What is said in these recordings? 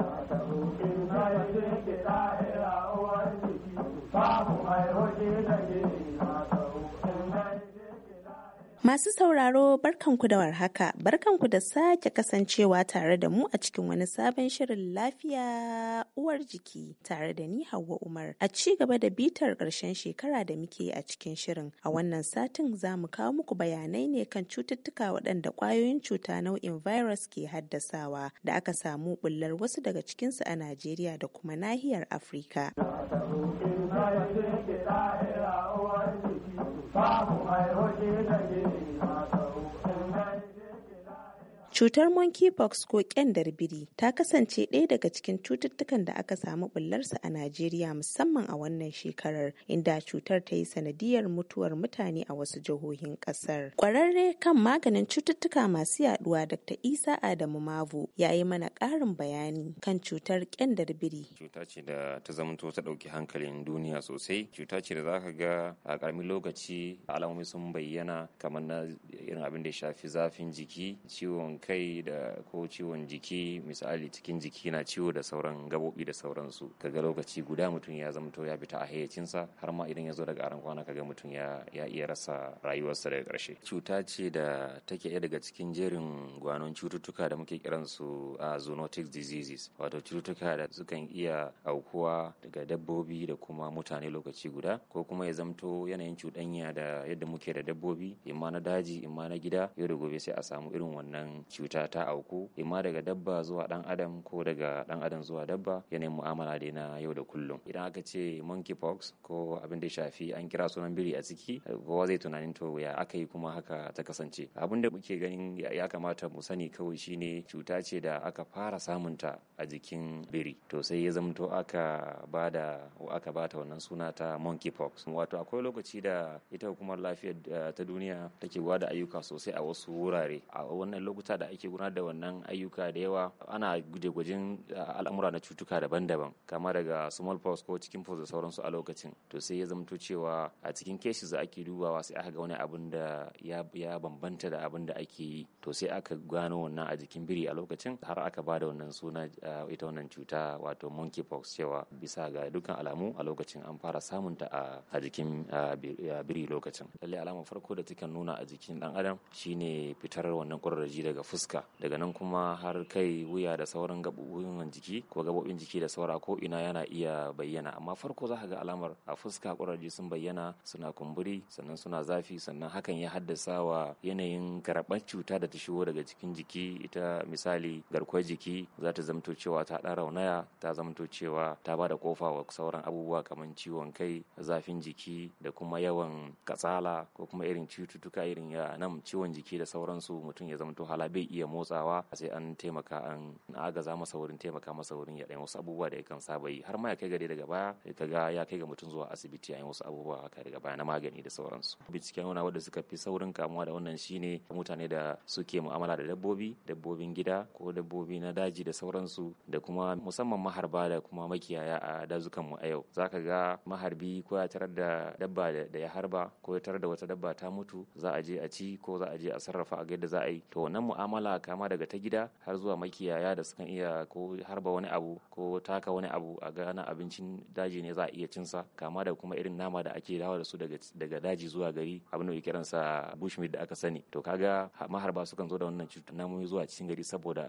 Thank you. Masu sauraro barkanku da warhaka, barkanku da sake kasancewa tare da mu a cikin wani sabon shirin lafiya uwar jiki tare da ni Hauwa Umar. A ci gaba da bitar ƙarshen shekara da muke a cikin shirin. A wannan satin za mu kawo muku bayanai ne kan cututtuka waɗanda ƙwayoyin cuta nau'in virus ke haddasawa da aka samu bullar wasu daga cikinsu a Najeriya da kuma nahiyar Afirka. babu mai roƙe da ke na Cutar monkeypox ko kyandar biri ta kasance ɗaya daga cikin cututtukan da aka samu bullarsa a Najeriya musamman a wannan shekarar inda cutar ta yi sanadiyar mutuwar mutane a wasu jihohin ƙasar. Ƙwararre kan maganin cututtuka masu yaduwa Dr. Isa Adamu Mavu ya yi mana ƙarin bayani kan cutar ƙyandar biri. Cuta ce da ta zamanto ta ɗauki hankalin duniya sosai. Cuta ce da za ka ga a ƙaramin lokaci alamomi sun bayyana kamar na irin abin da ya shafi zafin jiki, ciwon kai da ko ciwon jiki misali cikin jiki na ciwo da sauran gabobi da sauransu kaga lokaci guda mutum ya zamto ya fita a hayyacinsa har ma idan ya zo daga aran kwana kaga mutum ya ya iya rasa rayuwarsa daga ƙarshe cuta ce da take ɗaya daga cikin jerin gwanon cututtuka da muke kiransu a zoonotic diseases wato cututtuka da sukan iya aukuwa daga dabbobi da kuma mutane lokaci guda ko kuma ya zamto yanayin cuɗanya da yadda muke da dabbobi imma na daji imma na gida yau da gobe sai a samu irin wannan cuta ta auku imma eh, daga dabba zuwa dan adam ko daga dan adam zuwa dabba yanayin mu'amala dai na yau da kullum idan aka ce monkeypox ko abin da shafi an kira sunan biri a ciki eh, kowa zai tunanin to ya aka yi kuma haka ta kasance abin da muke ganin ya kamata mu sani kawai shine cuta ce da aka fara samunta a jikin biri to sai ya zamto aka bada aka bata wannan suna ta monkeypox wato akwai lokaci da ita hukumar lafiya eh, ta duniya take gwada ayyuka sosai a wasu wurare a wannan lokuta da ake gudanar da wannan ayyuka da yawa ana gwaje-gwajen al'amura na cutuka daban-daban kama daga smallpox ko cikin da sauransu a lokacin to sai ya zamto cewa a cikin cases da ake dubawa sai aka ga wani abin da ya bambanta da abin da ake yi to sai aka gano wannan a jikin biri a lokacin har aka ba da wannan suna ita wannan cuta wato monkeypox cewa bisa ga dukkan alamu a lokacin an fara samunta a jikin biri lokacin lalle alamar farko da take nuna a jikin dan adam shine fitar wannan kwararraji daga fuska daga nan kuma har kai wuya da sauran gaɓoɓin jiki ko gaɓoɓin jiki da saura ko ina yana iya bayyana amma farko za ka ga alamar a fuska ƙuraje sun bayyana suna kumburi sannan suna zafi sannan hakan ya haddasa wa yanayin karɓar cuta da ta shigo daga cikin jiki ita misali garkuwar jiki za ta zamto cewa ta ɗan raunaya ta zamto cewa ta ba da kofa wa sauran abubuwa kamar ciwon kai zafin jiki da kuma yawan katsala ko kuma irin cututtuka irin ya nan ciwon jiki da sauransu mutum ya zamto halabi bai iya motsawa sai an taimaka an agaza masa wurin taimaka masa wurin ya ɗaya wasu abubuwa da ya kan saba yi har ma ya kai gari daga baya ka ga ya kai ga mutum zuwa asibiti yayin wasu abubuwa haka daga baya na magani da sauransu binciken nuna wanda suka fi saurin kamuwa da wannan shine mutane da suke mu'amala da dabbobi dabbobin gida ko dabbobi na daji da sauransu da kuma musamman maharba da kuma makiyaya a dazukan mu a yau zaka ga maharbi ko ya tarar da dabba da ya harba ko ya tarar da wata dabba ta mutu za a je a ci ko za a je a sarrafa a ga yadda za a yi to wannan mu'amala mu'amala kama daga ta gida har zuwa makiyaya da sukan iya ko harba wani abu ko taka wani abu a gana abincin daji ne za a iya cinsa kama da kuma irin nama da ake dawo da su daga daji zuwa gari abin da ke sa bushmeat da aka sani to kaga maharba sukan zo da wannan cutar namomi zuwa cikin gari saboda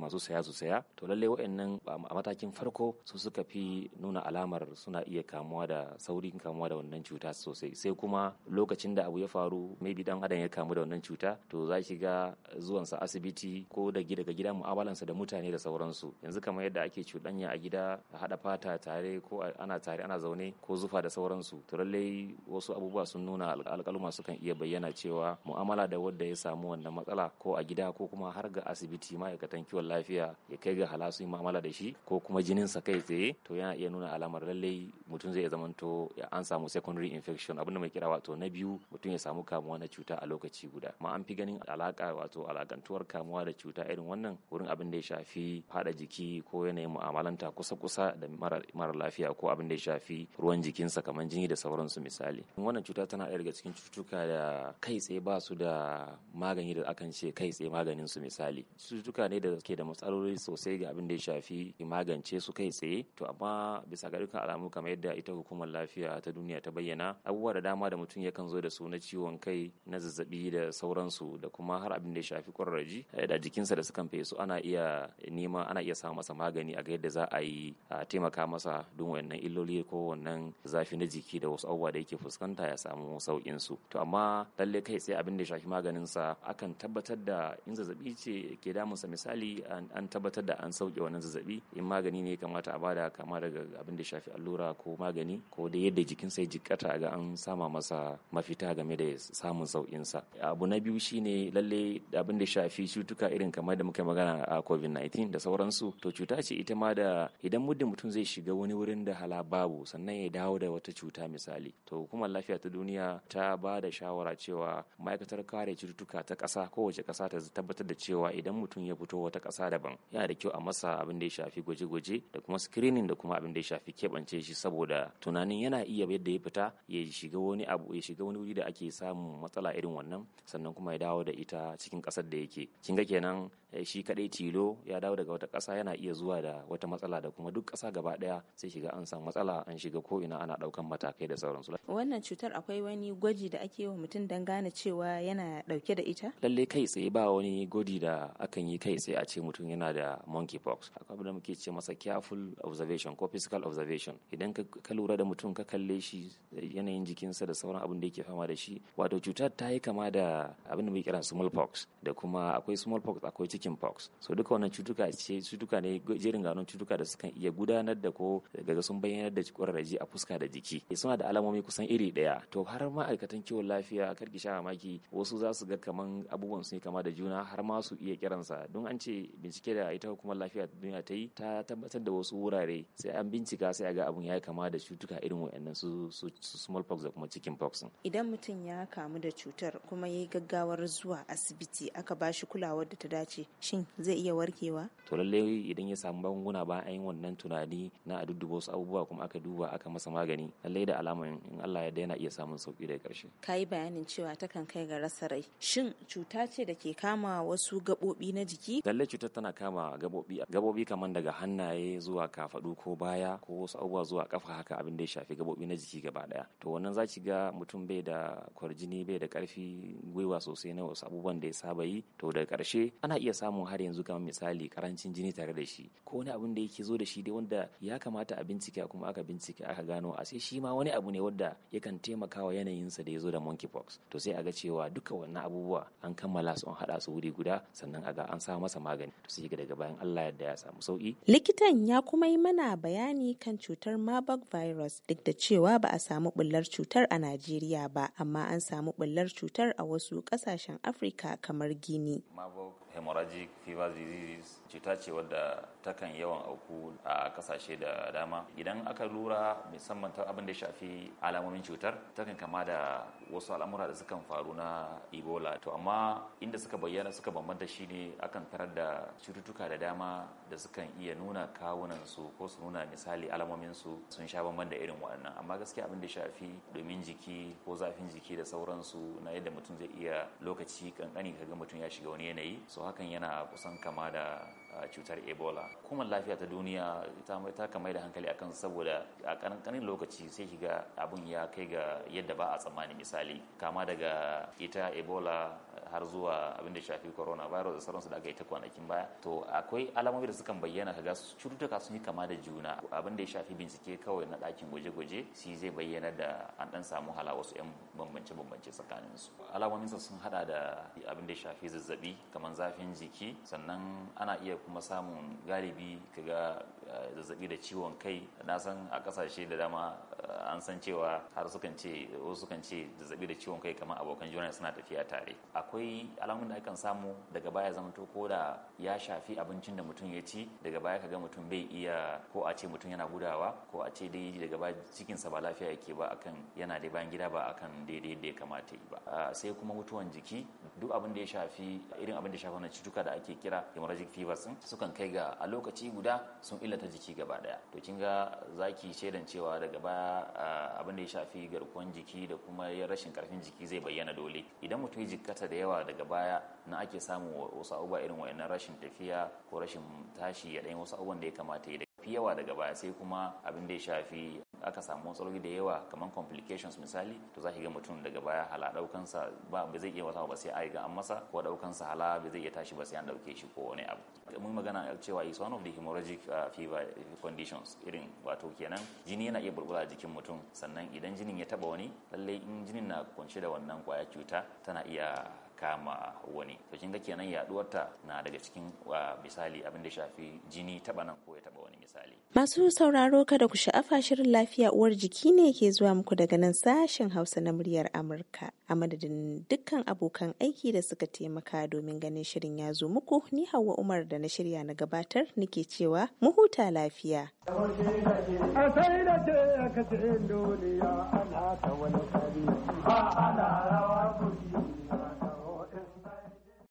masu saya su saya to lallai wa'annan a matakin farko su suka fi nuna alamar suna iya kamuwa da saurin kamuwa da wannan cuta sosai sai kuma lokacin da abu ya faru maybe dan adam ya kamu da wannan cuta to za ki ga zuwan sa asibiti ko da daga gida mu'amalansa da mutane da sauransu yanzu kamar yadda ake cuɗanya a gida a haɗa fata tare ko ana tare ana zaune ko zufa da sauransu to lallai wasu abubuwa sun nuna alƙaluma sukan iya bayyana cewa mu'amala da wadda ya samu wannan matsala ko a gida ko kuma har ga asibiti ma'aikatan kiwon lafiya ya kai ga halasun yi mu'amala da shi ko kuma jininsa kai tsaye to yana iya nuna alamar lallai mutum zai zamanto an samu secondary infection abinda mai kira wato na biyu mutum ya samu kamuwa na cuta a lokaci guda ma an fi ganin alaka wato alakan mutuwar kamuwa da cuta irin wannan wurin abin da ya shafi hada jiki ko yanayin mu'amalanta kusa-kusa da mara lafiya ko abin da ya shafi ruwan jikinsa kamar jini da sauransu misali wannan cuta tana daga cikin cututtuka da kai tsaye ba su da magani da akan ce kai tsaye maganin su misali cututtuka ne da ke da matsaloli sosai ga abin da ya shafi magance su kai tsaye to amma bisa ga dukkan alamu kamar yadda ita hukumar lafiya ta duniya ta bayyana abubuwa da dama da mutum yakan zo da su na ciwon kai na zazzabi da sauransu da kuma har abin da ya shafi kwarar raji eh, da jikinsa da sukan fesu ana iya nema ana iya sa masa magani a ga yadda za a yi a taimaka masa don wannan illoli ko wannan zafi na jiki da wasu abubuwa da yake fuskanta ya samu sauƙin su to amma lalle kai sai abin da ya shafi maganin sa akan tabbatar da in zazzabi ce ke damunsa misali an tabbatar da an sauke wannan zazzabi in magani ne kamata a bada kama daga abin da ya shafi allura ko magani ko da yadda jikinsa ya jikkata ga an sama masa mafita game da samun sauƙin sa abu na biyu shine lalle abin da ya shafi cutuka irin kamar da muke magana a covid-19 da sauransu to cuta ce ita ma da idan muddin mutum zai shiga wani wurin da hala babu sannan ya dawo da wata cuta misali to hukumar lafiya ta duniya ta ba da shawara cewa ma'aikatar kare cututtuka ta ƙasa kowace ƙasa ta tabbatar da cewa idan mutum ya fito wata ƙasa daban yana da kyau a masa abin da ya shafi gwaje-gwaje da kuma screening da kuma abin da ya shafi keɓance shi saboda tunanin yana iya yadda ya fita ya shiga wani abu ya shiga wani wuri da ake samun matsala irin wannan sannan kuma ya dawo da ita cikin ƙasar da yake kin ga kenan eh, shi kadai tilo ya dawo daga wata kasa yana iya zuwa da wata matsala da kuma duk ƙasa gaba ɗaya sai shiga an san matsala an shiga ko ina ana ɗaukan matakai da sauransu. Wannan cutar akwai wani gwaji da ake wa mutum don gane cewa yana dauke da ita? Lalle kai tsaye ba wani gwaji da akan yi kai tsaye a ce mutum yana da monkeypox. Akwai abin da muke ce masa careful observation ko physical observation. Idan ka lura da mutum ka kalle shi yanayin jikinsa da sauran abin da yake fama da shi wato cutar ta yi kama da abin da muke kira smallpox da kuma kuma akwai smallpox akwai chickenpox so duka wannan cutuka ce cutuka ne jerin ganon cutuka da sukan iya gudanar da ko daga sun bayyanar da kwararraji a fuska da jiki eh, suna da alamomi kusan iri daya to har ma'aikatan kiwon lafiya kar ki sha mamaki wasu za su ga kaman abubuwan sun yi kama da juna har ma su iya kiransa don an ce bincike da ita kuma lafiya ta duniya ta yi ta tabbatar da wasu wurare sai an bincika sai a ga abun ya kama da cutuka irin waɗannan su smallpox da kuma chickenpox idan mutum ya kamu da cutar kuma ya yi gaggawar zuwa asibiti aka ba shi kulawar da ta dace shin zai iya warkewa to lallai idan ya samu magunguna ba an yi wannan tunani na a dudduba wasu abubuwa kuma aka duba aka masa magani lallai da alama in Allah ya daina iya samun sauki daga karshe yi bayanin cewa ta kan kai ga rasa rai shin cuta ce da ke kama wasu gabobi na jiki lalle cutar tana kama gabobi gabobi kaman daga hannaye zuwa kafadu ko baya ko wasu abubuwa zuwa kafa haka abin da ya shafi gabobi na jiki gaba daya to wannan za ki ga mutum bai da kwarjini bai da karfi gwiwa sosai na wasu abubuwan da ya saba yi to da karshe ana iya samun har yanzu kamar misali karancin jini tare da shi ko wani abin da yake zo da shi dai wanda ya kamata a bincike kuma aka bincike aka gano a sai shi ma wani abu ne wanda yakan taimakawa yanayinsa da ya zo da monkeypox to sai a ga cewa duka wannan abubuwa an kammala su an haɗa su wuri guda sannan a ga an sa masa magani to sai daga bayan Allah yadda ya samu sauki likitan ya kuma yi mana bayani kan cutar Marburg virus duk da cewa ba a samu bullar cutar a Najeriya ba amma an samu bullar cutar a wasu ƙasashen Afirka kamar Gini ma voix hemorrhagic fever diseases cuta ce wadda takan yawan auku a kasashe da dama idan aka lura musamman ta abin da ya shafi alamomin cutar takan kama da wasu al'amura da sukan faru na ebola to amma inda suka bayyana suka bambanta shine akan tarar da cututtuka da dama da sukan iya nuna kawunan su ko su nuna misali alamomin su sun sha bamban da irin waɗannan amma gaskiya abin da ya shafi domin jiki ko zafin jiki da sauransu na yadda mutum zai iya lokaci kankani kaga mutum ya shiga wani yanayi so hakan yana kusan kama da cutar ebola kuma lafiya ta duniya ta mai ta kamar da hankali akan saboda a kanin lokaci sai shiga abin ya kai ga yadda ba a tsammani misali kama daga ita ebola har zuwa abin da shafi coronavirus da sauransu da aka yi ta kwanakin baya to akwai alamomi da sukan bayyana kaga cututtuka sun yi kama da juna abin da ya shafi bincike kawai na ɗakin gwaje-gwaje shi zai bayyana da an ɗan samu hala wasu 'yan bambance-bambance su alamominsa sun hada da abin da ya shafi zazzabi kamar zafin jiki sannan ana iya kuma samun galibi kaga Eh, zazzabi da ciwon kai na san a kasashe da dama eh, an san cewa har sukan ce wasu sukan ce zazzabi da ciwon kai kamar abokan juna suna tafiya tare akwai alamun da akan samu daga baya to ko da ya shafi abincin da mutum ya ci daga baya ga mutum bai iya ko a ce mutum yana gudawa ko a ce dai daga baya cikinsa ba lafiya yake ba akan yana da bayan gida ba akan daidai da ya kamata ba ah, sai kuma mutuwan jiki duk abin da ya shafi irin abin da ya shafi wannan cutuka da ake kira hemorrhagic fevers sukan kai ga a lokaci guda sun illa illata jiki gaba daya to kin ga zaki shaidan cewa daga baya ah, abin da ya shafi garkuwan jiki da kuma rashin karfin jiki zai bayyana dole idan mutum ya jikkata da yawa daga baya na ake samun wasu abubuwa irin wayannan rashin tafiya ko rashin tashi ya ɗan wasu abubuwan da ya kamata ya fi yawa daga baya sai kuma abin da ya shafi aka samu matsaloli da yawa kamar complications misali to za ki ga mutum daga baya hala daukansa ba ba zai iya wasa ba sai ai ga an masa ko daukansa hala ba zai iya tashi ba sai an dauke shi ko wani abu mun magana cewa is one of the hemorrhagic uh, fever conditions irin wato kenan jini yana iya burbura a jikin mutum sannan idan jinin ya taba wani lallai in jinin na kunshe da wannan kwaya cuta tana iya kama wani to kin ga kenan yaduwar ta na daga cikin misali abin da shafi jini taba nan ko ya taba wani misali masu sauraro kada ku sha'afa shirin lafiya uwar jiki ne ke zuwa muku daga nan sashen Hausa na muryar Amurka a madadin dukkan abokan aiki da suka taimaka domin ganin shirin ya zo muku ni Hauwa Umar da na shirya na gabatar nake cewa mu huta lafiya ana rawa